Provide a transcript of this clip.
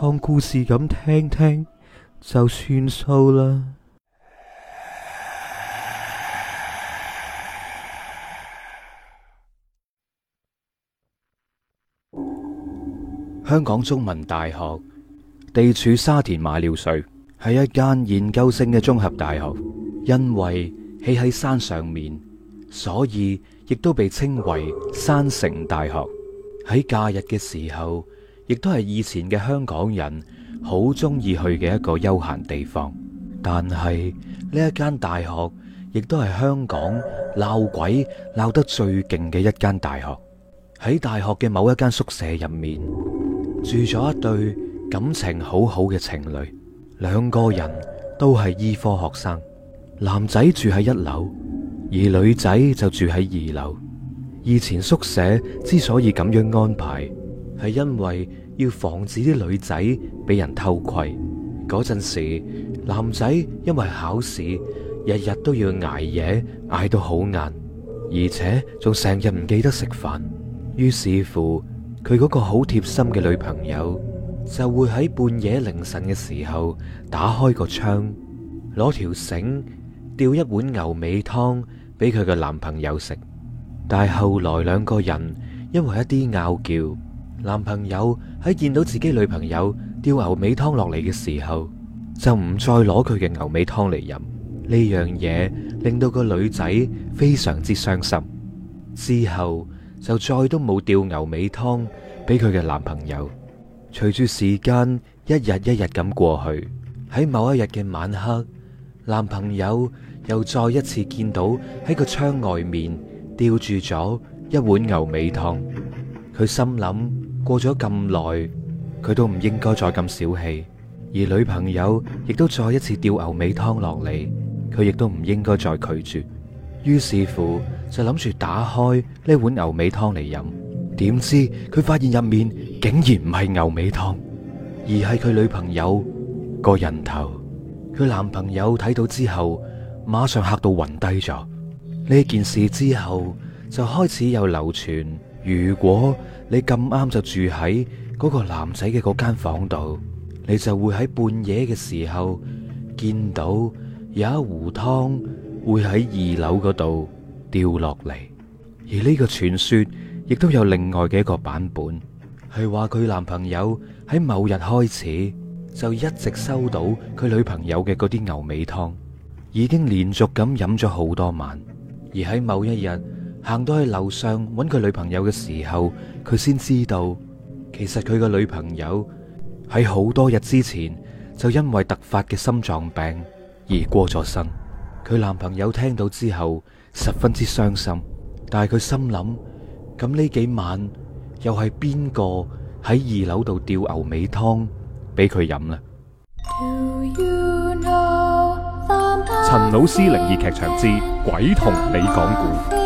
當故事咁聽聽就算數啦。香港中文大學地處沙田馬料水，係一間研究性嘅綜合大學。因為起喺山上面，所以亦都被稱為山城大學。喺假日嘅時候。亦都係以前嘅香港人好中意去嘅一個休閒地方，但係呢一間大學亦都係香港鬧鬼鬧得最勁嘅一間大學。喺大學嘅某一間宿舍入面住咗一對感情好好嘅情侶，兩個人都係醫科學生。男仔住喺一樓，而女仔就住喺二樓。以前宿舍之所以咁樣安排。係因為要防止啲女仔俾人偷窺，嗰陣時男仔因為考試日日都要挨夜，挨到好晏，而且仲成日唔記得食飯。於是乎，佢嗰個好貼心嘅女朋友就會喺半夜凌晨嘅時候打開個窗，攞條繩吊一碗牛尾湯俾佢嘅男朋友食。但係後來兩個人因為一啲拗撬。男朋友喺見到自己女朋友吊牛尾湯落嚟嘅時候，就唔再攞佢嘅牛尾湯嚟飲。呢樣嘢令到個女仔非常之傷心。之後就再都冇吊牛尾湯俾佢嘅男朋友。隨住時間一日一日咁過去，喺某一日嘅晚黑，男朋友又再一次見到喺個窗外面吊住咗一碗牛尾湯，佢心諗。過咗咁耐，佢都唔應該再咁小氣，而女朋友亦都再一次掉牛尾湯落嚟，佢亦都唔應該再拒絕。於是乎就諗住打開呢碗牛尾湯嚟飲，點知佢發現入面竟然唔係牛尾湯，而係佢女朋友個人頭。佢男朋友睇到之後，馬上嚇到暈低咗。呢件事之後就開始有流傳。如果你咁啱就住喺嗰個男仔嘅嗰間房度，你就會喺半夜嘅時候見到有一壺湯會喺二樓嗰度掉落嚟。而呢個傳說亦都有另外嘅一個版本，係話佢男朋友喺某日開始就一直收到佢女朋友嘅嗰啲牛尾湯，已經連續咁飲咗好多晚，而喺某一日。行到去樓上揾佢女朋友嘅時候，佢先知道其實佢個女朋友喺好多日之前就因為突發嘅心臟病而過咗身。佢男朋友聽到之後十分之傷心，但係佢心諗：咁呢幾晚又係邊個喺二樓度吊牛尾湯俾佢飲啦？陳老師靈異劇場之鬼同你講故。